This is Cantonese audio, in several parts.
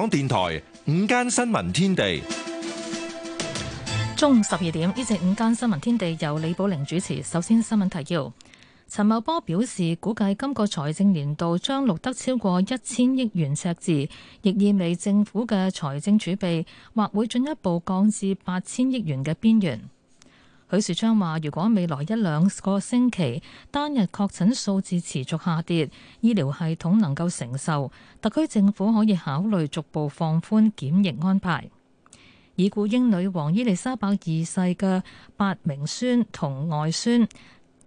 港電台午間新聞天地，中午十二點，呢集午間新聞天地由李寶玲主持。首先，新聞提要：陳茂波表示，估計今個財政年度將錄得超過一千億元赤字，亦意味政府嘅財政儲備或會進一步降至八千億元嘅邊緣。許樹昌話：如果未來一兩個星期單日確診數字持續下跌，醫療系統能夠承受，特區政府可以考慮逐步放寬檢疫安排。已故英女王伊麗莎白二世嘅八名孫同外孫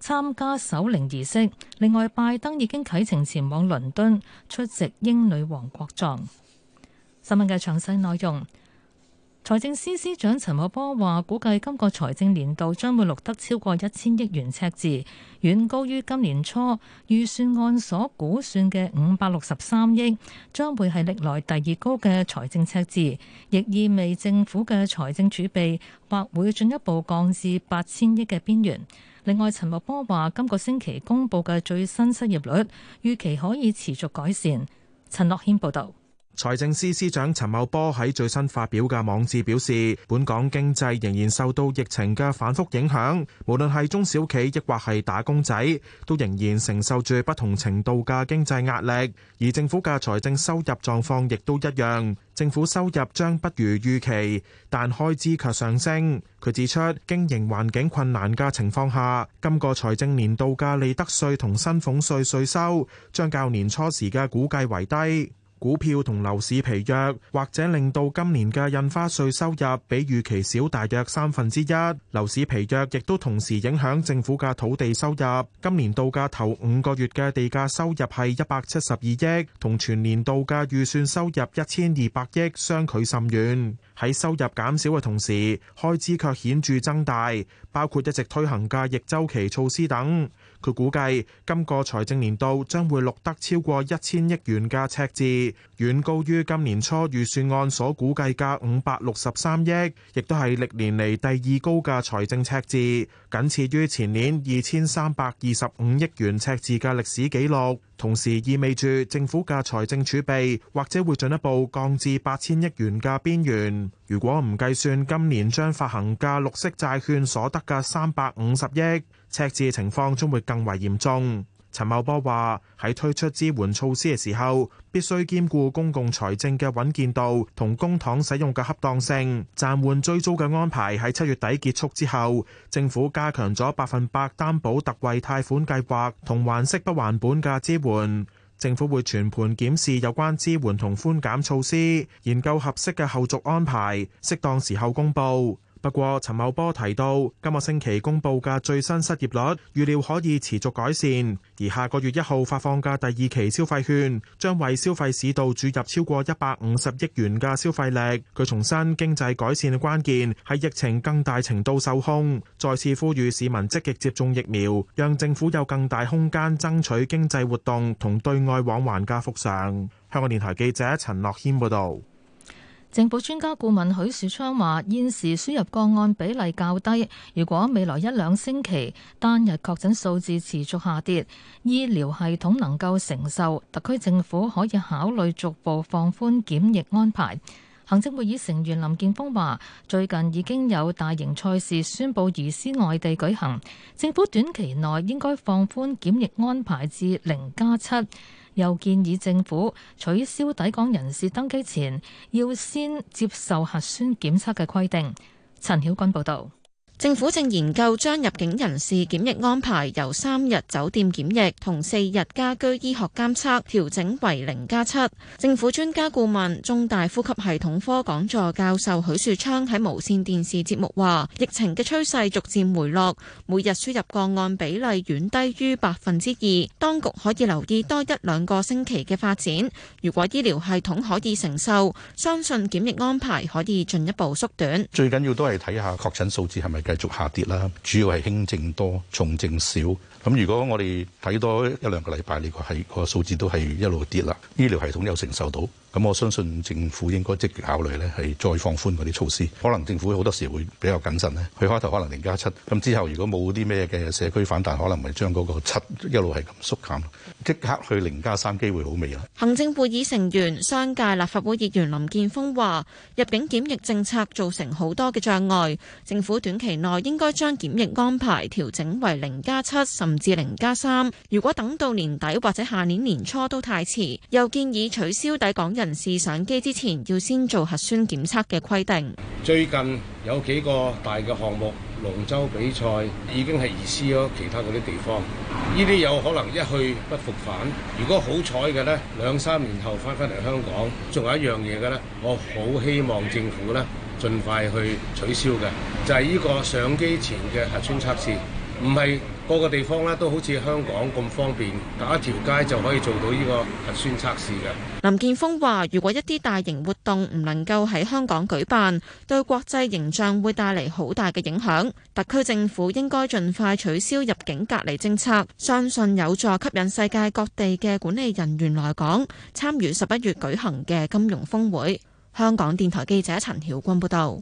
參加守靈儀式。另外，拜登已經啟程前往倫敦出席英女王國葬。新聞嘅詳細內容。財政司司長陳茂波話，估計今個財政年度將會錄得超過一千億元赤字，遠高於今年初預算案所估算嘅五百六十三億，將會係歷來第二高嘅財政赤字，亦意味政府嘅財政儲備或會進一步降至八千億嘅邊緣。另外，陳茂波話，今個星期公佈嘅最新失業率，預期可以持續改善。陳樂軒報導。財政司司長陳茂波喺最新發表嘅網誌表示，本港經濟仍然受到疫情嘅反復影響，無論係中小企，亦或係打工仔，都仍然承受住不同程度嘅經濟壓力。而政府嘅財政收入狀況亦都一樣，政府收入將不如預期，但開支卻上升。佢指出，經營環境困難嘅情況下，今個財政年度嘅利得稅同薪俸稅稅收將較年初時嘅估計為低。股票同樓市疲弱，或者令到今年嘅印花稅收入比預期少大約三分之一。樓市疲弱亦都同時影響政府嘅土地收入。今年度嘅頭五個月嘅地價收入係一百七十二億，同全年度嘅預算收入一千二百億相距甚遠。喺收入減少嘅同時，開支卻顯著增大，包括一直推行嘅逆周期措施等。佢估計今個財政年度將會錄得超過一千億元嘅赤字。遠高於今年初預算案所估計嘅五百六十三億，亦都係歷年嚟第二高嘅財政赤字，僅次於前年二千三百二十五億元赤字嘅歷史紀錄。同時意味住政府嘅財政儲備或者會進一步降至八千億元嘅邊緣。如果唔計算今年將發行嘅綠色債券所得嘅三百五十億，赤字情況將會更為嚴重。陳茂波話：喺推出支援措施嘅時候，必須兼顧公共財政嘅穩健度同公帑使用嘅恰當性。暫緩追租嘅安排喺七月底結束之後，政府加強咗百分百擔保特惠貸款計劃同還息不還本嘅支援。政府會全盤檢視有關支援同寬減措施，研究合適嘅後續安排，適當時候公布。不過，陳茂波提到，今個星期公布嘅最新失業率預料可以持續改善，而下個月一號發放嘅第二期消費券，將為消費市道注入超過一百五十億元嘅消費力。佢重申經濟改善嘅關鍵係疫情更大程度受控，再次呼籲市民積極接種疫苗，讓政府有更大空間爭取經濟活動同對外往還嘅復常。香港電台記者陳樂軒報導。政府專家顧問許樹昌話：現時輸入個案比例較低，如果未來一兩星期單日確診數字持續下跌，醫療系統能夠承受，特區政府可以考慮逐步放寬檢疫安排。行政會議成員林健鋒話：最近已經有大型賽事宣布移師外地舉行，政府短期內應該放寬檢疫安排至零加七。又建議政府取消抵港人士登機前要先接受核酸檢測嘅規定。陳曉君報導。政府正研究將入境人士檢疫安排由三日酒店檢疫同四日家居醫學監測調整為零加七。政府專家顧問中大呼吸系統科講座教授許樹昌喺無線電視節目話疫情嘅趨勢逐漸回落，每日輸入個案比例遠低於百分之二，當局可以留意多一兩個星期嘅發展。如果醫療系統可以承受，相信檢疫安排可以進一步縮短。最緊要都係睇下確診數字係咪繼續下跌啦，主要係輕症多，重症少。咁如果我哋睇多一兩個禮拜，呢個係個數字都係一路跌啦。醫療系統又承受到。咁我相信政府應該積極考慮咧，係再放寬嗰啲措施。可能政府好多時會比較謹慎咧，佢開頭可能零加七，咁之後如果冇啲咩嘅社區反彈可能咪將嗰個七一路係咁縮減，即刻去零加三機會好微啊！行政會議成員、商界立法會議員林建峰話：入境檢疫政策造成好多嘅障礙，政府短期內應該將檢疫安排調整為零加七，7, 甚至零加三。如果等到年底或者下年年初都太遲，又建議取消抵港人。人士上機之前要先做核酸檢測嘅規定。最近有幾個大嘅項目，龍舟比賽已經係移師咗其他嗰啲地方。呢啲有可能一去不復返。如果好彩嘅呢，兩三年後翻返嚟香港，仲有一樣嘢嘅呢，我好希望政府呢盡快去取消嘅，就係、是、呢個上機前嘅核酸測試，唔係。個個地方咧都好似香港咁方便，隔一條街就可以做到呢個核酸測試嘅。林健鋒話：如果一啲大型活動唔能夠喺香港舉辦，對國際形象會帶嚟好大嘅影響。特區政府應該盡快取消入境隔離政策，相信有助吸引世界各地嘅管理人員來港參與十一月舉行嘅金融峰會。香港電台記者陳曉君報導。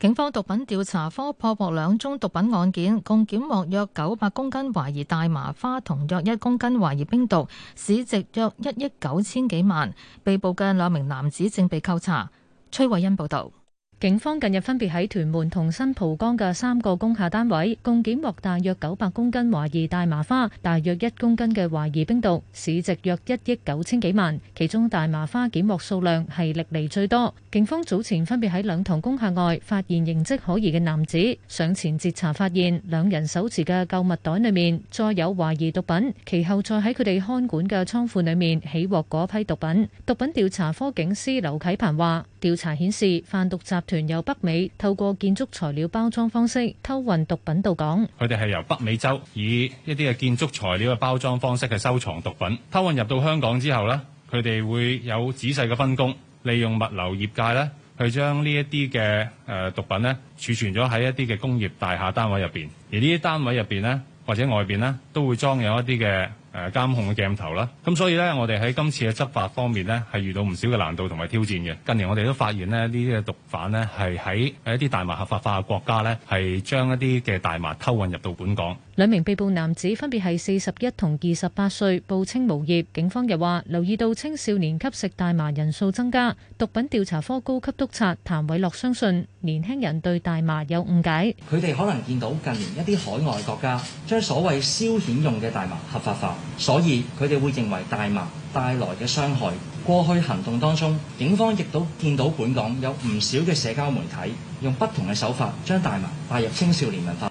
警方毒品調查科破獲兩宗毒品案件，共檢獲約九百公斤懷疑大麻花同約一公斤懷疑冰毒，市值約一億九千幾萬。被捕嘅兩名男子正被扣查。崔慧欣報道。警方近日分別喺屯門同新蒲崗嘅三個工廈單位，共檢獲大約九百公斤懷疑大麻花，大約一公斤嘅懷疑冰毒，市值約一億九千幾萬。其中大麻花檢獲數量係歷嚟最多。警方早前分別喺兩棟工廈外發現形跡可疑嘅男子，上前截查，發現兩人手持嘅購物袋裏面再有懷疑毒品，其後再喺佢哋看管嘅倉庫裏面起獲嗰批毒品。毒品調查科警司劉啟鵬話：調查顯示販毒集團由北美透過建築材料包裝方式偷運毒品到港，佢哋係由北美洲以一啲嘅建築材料嘅包裝方式去收藏毒品，偷運入到香港之後呢，佢哋會有仔細嘅分工，利用物流業界咧去將呢一啲嘅誒毒品呢，儲存咗喺一啲嘅工業大廈單位入面，而呢啲單位入面呢，或者外面呢，都會裝有一啲嘅。誒監控嘅鏡頭啦，咁所以呢，我哋喺今次嘅執法方面呢，係遇到唔少嘅難度同埋挑戰嘅。近年我哋都發現呢，呢啲嘅毒販呢，係喺一啲大麻合法化嘅國家呢，係將一啲嘅大麻偷運入到本港。兩名被捕男子分別係四十一同二十八歲，報稱無業。警方又話留意到青少年吸食大麻人數增加。毒品調查科高級督察譚偉樂相信年輕人對大麻有誤解，佢哋可能見到近年一啲海外國家將所謂消遣用嘅大麻合法化。所以佢哋會認為大麻帶來嘅傷害。過去行動當中，警方亦都見到本港有唔少嘅社交媒體用不同嘅手法，將大麻帶入青少年文化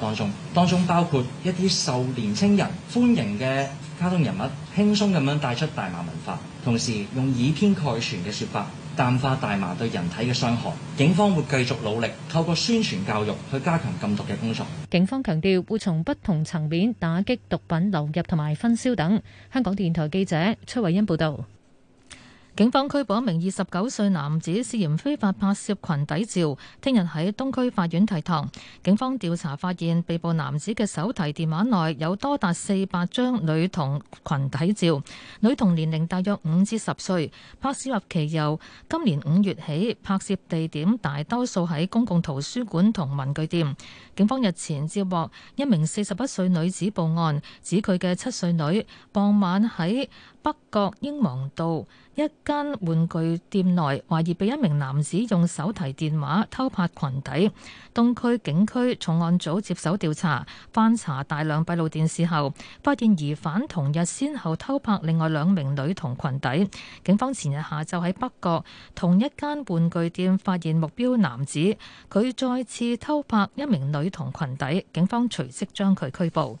當中，當中包括一啲受年青人歡迎嘅卡通人物，輕鬆咁樣帶出大麻文化，同時用以偏概全嘅說法。淡化大麻對人體嘅傷害，警方會繼續努力，透過宣傳教育去加強禁毒嘅工作。警方強調會從不同層面打擊毒品流入同埋分銷等。香港電台記者崔偉欣報道。警方拘捕一名二十九歲男子，涉嫌非法拍攝裙底照，聽日喺東區法院提堂。警方調查發現，被捕男子嘅手提電話內有多達四百張女童裙底照，女童年齡大約五至十歲。拍攝日期由今年五月起，拍攝地點大多數喺公共圖書館同文具店。警方日前接獲一名四十一歲女子報案，指佢嘅七歲女傍晚喺北角英皇道一間玩具店內懷疑被一名男子用手提電話偷拍裙底，東區警區重案組接手調查，翻查大量閉路電視後發現疑犯同日先後偷拍另外兩名女童裙底。警方前日下晝喺北角同一間玩具店發現目標男子，佢再次偷拍一名女童裙底，警方隨即將佢拘捕。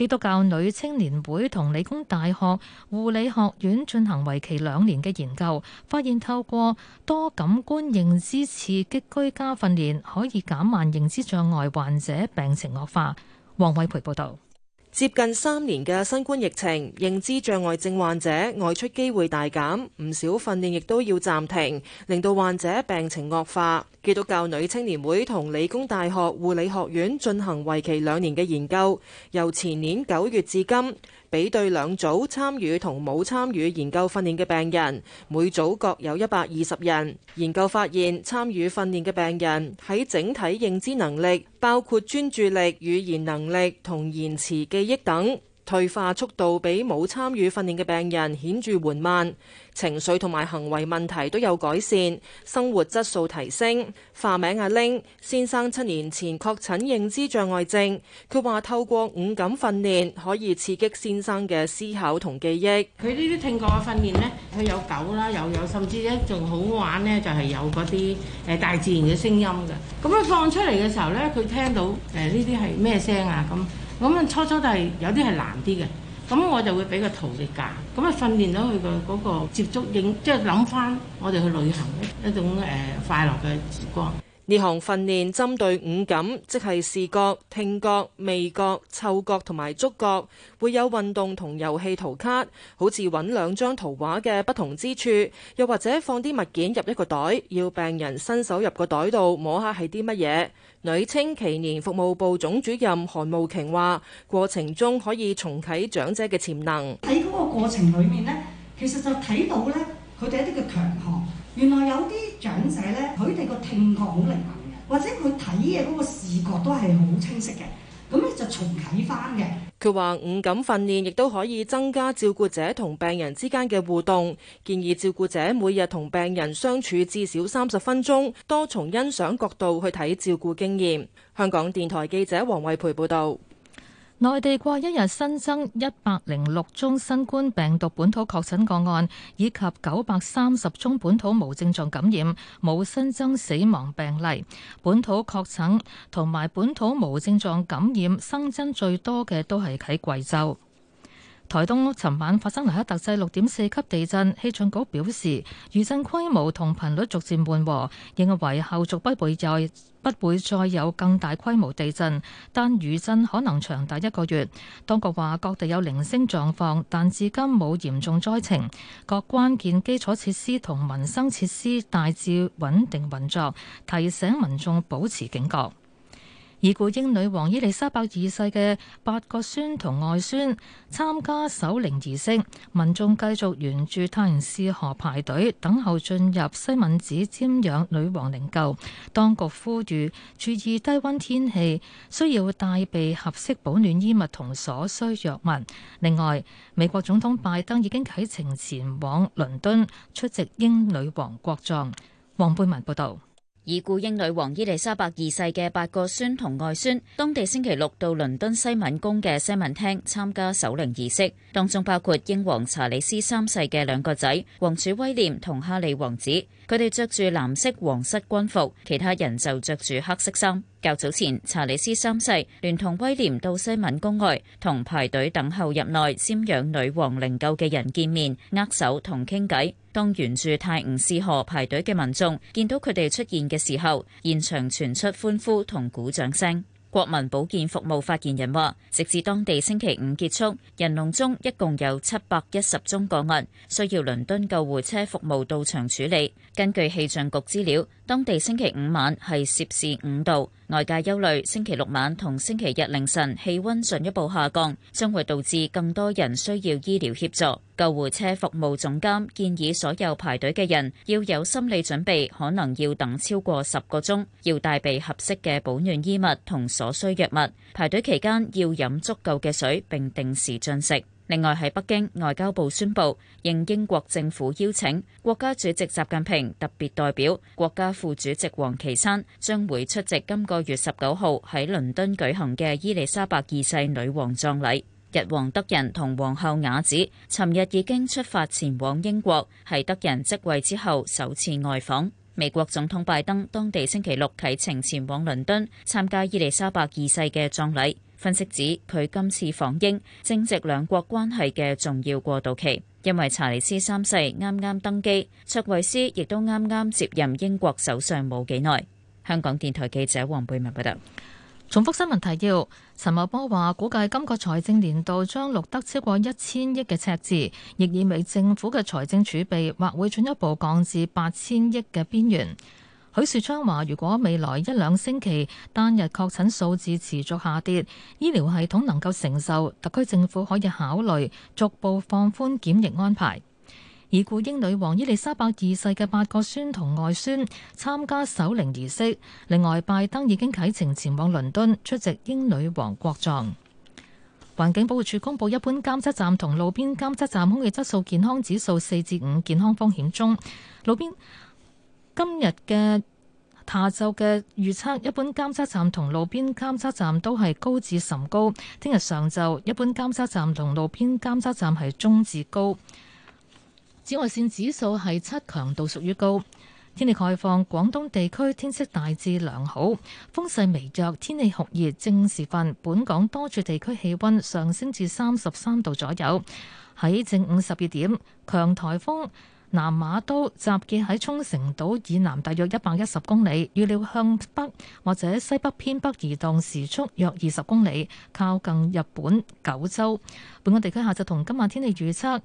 基督教女青年會同理工大學護理學院進行為期兩年嘅研究，發現透過多感官認知刺激居家訓練，可以減慢認知障礙患者病情惡化。黃偉培報道。接近三年嘅新冠疫情，認知障礙症患者外出機會大減，唔少訓練亦都要暫停，令到患者病情惡化。基督教女青年會同理工大學護理學院進行為期兩年嘅研究，由前年九月至今。比對兩組參與同冇參與研究訓練嘅病人，每組各有一百二十人。研究發現，參與訓練嘅病人喺整體認知能力，包括專注力、語言能力同延遲記憶等，退化速度比冇參與訓練嘅病人顯著緩慢，情緒同埋行為問題都有改善，生活質素提升。化名阿、啊、鈴先生七年前確診認知障礙症，佢話透過五感訓練可以刺激先生嘅思考同記憶。佢呢啲聽覺嘅訓練呢，佢有狗啦，有有，甚至咧仲好玩呢，就係有嗰啲誒大自然嘅聲音嘅，咁咧放出嚟嘅時候呢，佢聽到誒呢啲係咩聲啊咁。咁、嗯、初初都係有啲係難啲嘅，咁、嗯、我就會俾個徒力架，咁、嗯、啊訓練到佢個接觸，影，即係諗翻我哋去旅行一種、呃、快樂嘅時光。呢項訓練針對五感，即係視覺、聽覺、味覺、嗅覺同埋觸覺，會有運動同遊戲圖卡，好似揾兩張圖畫嘅不同之處，又或者放啲物件入一個袋，要病人伸手入個袋度摸下係啲乜嘢。女青耆年服務部總主任韓慕瓊話，過程中可以重啟長者嘅潛能。喺嗰個過程裏面呢，其實就睇到呢，佢哋一啲嘅強項。原來有啲長者咧，佢哋個聽覺好靈敏嘅，或者佢睇嘅嗰個視覺都係好清晰嘅，咁你就重啟翻嘅。佢話五感訓練亦都可以增加照顧者同病人之間嘅互動，建議照顧者每日同病人相處至少三十分鐘，多從欣賞角度去睇照顧經驗。香港電台記者黃惠培報導。內地過一日新增一百零六宗新冠病毒本土確診個案，以及九百三十宗本土無症狀感染，冇新增死亡病例。本土確診同埋本土無症狀感染新增最多嘅都係喺貴州。台東尋晚發生黎克特制六點四級地震，氣象局表示餘震規模同頻率逐漸緩和，認為後續不會再不會再有更大規模地震，但餘震可能長達一個月。當局話各地有零星狀況，但至今冇嚴重災情，各關鍵基礎設施同民生設施大致穩定運作，提醒民眾保持警覺。已故英女王伊麗莎白二世嘅八個孫同外孫參加守靈儀式，民眾繼續沿住泰晤士河排隊等候進入西敏寺瞻仰女王靈柩。當局呼籲注意低溫天氣，需要帶備合適保暖衣物同所需藥物。另外，美國總統拜登已經啟程前往倫敦出席英女王國葬。王貝文報導。已故英女王伊麗莎白二世嘅八個孫同外孫，當地星期六到倫敦西敏宮嘅西敏廳參加守靈儀式，當中包括英皇查理斯三世嘅兩個仔，王儲威廉同哈利王子。佢哋着住藍色皇室軍服，其他人就着住黑色衫。較早前，查理斯三世聯同威廉到西敏宮外，同排隊等候入內瞻仰女王靈柩嘅人見面握手同傾偈。當沿住泰晤士河排隊嘅民眾見到佢哋出現嘅時候，現場傳出歡呼同鼓掌聲。國民保健服務發言人話，直至當地星期五結束，人龍中一共有七百一十宗個案，需要倫敦救護車服務到場處理。根據氣象局資料，當地星期五晚係攝氏五度。外界憂慮星期六晚同星期日凌晨氣溫進一步下降，將會導致更多人需要醫療協助。救護車服務總監建議所有排隊嘅人要有心理準備，可能要等超過十個鐘，要帶備合適嘅保暖衣物同所需藥物。排隊期間要飲足夠嘅水並定時進食。另外喺北京，外交部宣布，應英國政府邀請，國家主席習近平特別代表、國家副主席王岐山將會出席今個月十九號喺倫敦舉行嘅伊麗莎白二世女王葬禮。日皇德仁同皇后雅子尋日已經出發前往英國，係德仁即位之後首次外訪。美國總統拜登當地星期六啟程前往倫敦參加伊麗莎白二世嘅葬禮。分析指佢今次訪英正值兩國關係嘅重要過渡期，因為查理斯三世啱啱登基，卓維斯亦都啱啱接任英國首相冇幾耐。香港電台記者黃貝文報道。重複新聞提要，陳茂波話：估計今個財政年度將錄得超過一千億嘅赤字，亦意味政府嘅財政儲備或會進一步降至八千億嘅邊緣。許樹昌話：如果未來一兩星期單日確診數字持續下跌，醫療系統能夠承受，特區政府可以考慮逐步放寬檢疫安排。已故英女王伊利沙伯二世嘅八個孫同外孫參加守靈儀式。另外，拜登已經啟程前往倫敦出席英女王國葬。環境保護署公佈一般監測站同路邊監測站空氣質素健康指數四至五，健康風險中。路邊今日嘅下晝嘅預測，一般監測站同路邊監測站都係高至甚高。聽日上晝，一般監測站同路邊監測站係中至高。紫外線指數係七強，強度屬於高。天氣概況，廣東地區天色大致良好，風勢微弱，天氣酷熱正時分，本港多處地區氣温上升至三十三度左右。喺正午十二點，強颱風。南馬都集結喺沖繩島以南大約一百一十公里，預料向北或者西北偏北移動，時速約二十公里，靠近日本九州。本港地區下晝同今晚天，天氣預測。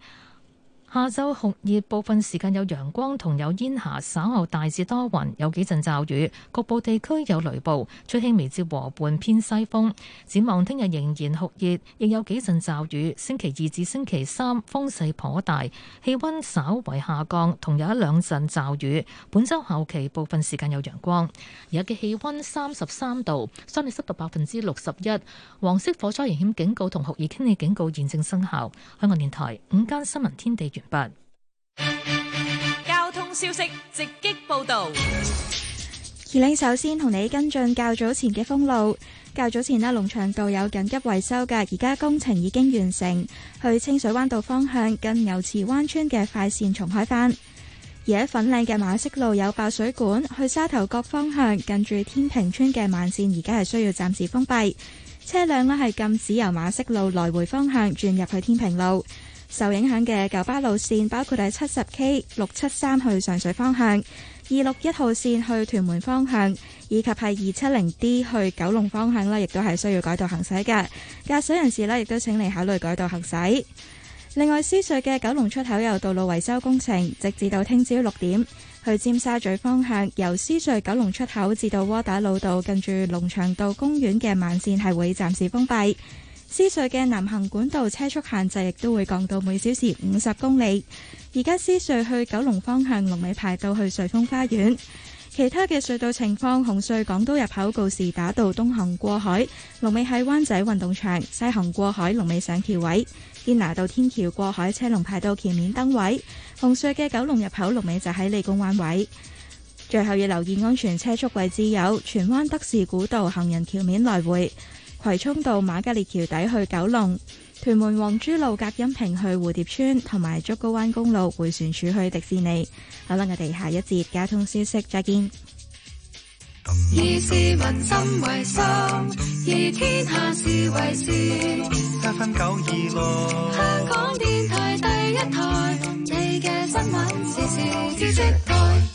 下晝酷熱，部分時間有陽光同有煙霞，稍後大致多雲，有幾陣驟雨，局部地區有雷暴，吹輕微至和緩偏西風。展望聽日仍然酷熱亦有幾陣驟雨。星期二至星期三風勢頗大，氣溫稍為下降，同有一兩陣驟雨。本周後期部分時間有陽光。而家嘅氣溫三十三度，相對濕度百分之六十一，黃色火災危險警告同酷熱天氣警告現正生效。香港電台午間新聞天地八交通消息直擊報道，二零首先同你跟進較早前嘅封路。較早前呢龍翔道有緊急維修嘅，而家工程已經完成，去清水灣道方向近牛池灣村嘅快線重開返；而喺粉嶺嘅馬適路有爆水管，去沙頭角方向近住天平村嘅慢線而家係需要暫時封閉，車輛呢係禁止由馬適路來回方向轉入去天平路。受影響嘅九巴路線包括係七十 K、六七三去上水方向、二六一號線去屯門方向，以及係二七零 D 去九龍方向呢亦都係需要改道行駛嘅。駕駛人士呢，亦都請你考慮改道行駛。另外，獅隧嘅九龍出口有道路維修工程，直至到聽朝六點，去尖沙咀方向由獅隧九龍出口至到窩打老道近住龍翔道公園嘅慢線係會暫時封閉。獅隧嘅南行管道車速限制亦都會降到每小時五十公里。而家獅隧去九龍方向龍尾排到去瑞峰花園。其他嘅隧道情況：紅隧港島入口告士打道東行過海龍尾喺灣仔運動場；西行過海龍尾上橋位；堅拿道天橋過海車龍排到橋面燈位。紅隧嘅九龍入口龍尾就喺理工彎位。最後要留意安全車速位置有荃灣德士古道行人橋面來回。葵涌道瑪嘉烈橋底去九龍，屯門黃珠路隔音屏去蝴蝶村，同埋竹篙灣公路回旋處去迪士尼。好啦，我哋下一節交通消息再見。以，是民心為心，以天下事為事。一分九二六，香港電台第一台，你嘅新聞時事資訊台。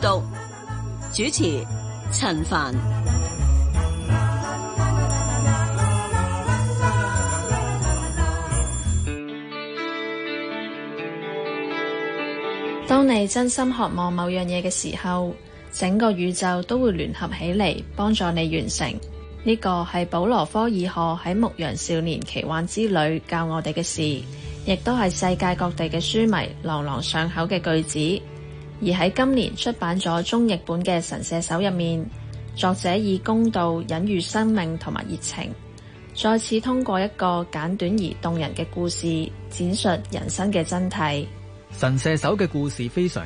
讀主持陳凡。當你真心渴望某樣嘢嘅時候，整個宇宙都會聯合起嚟幫助你完成。呢個係保羅科爾賀喺《牧羊少年奇幻之旅》教我哋嘅事，亦都係世界各地嘅書迷朗朗上口嘅句子。而喺今年出版咗中譯本嘅《神射手》入面，作者以公道隱喻生命同埋熱情，再次通過一個簡短而動人嘅故事，展述人生嘅真諦。神射手嘅故事非常。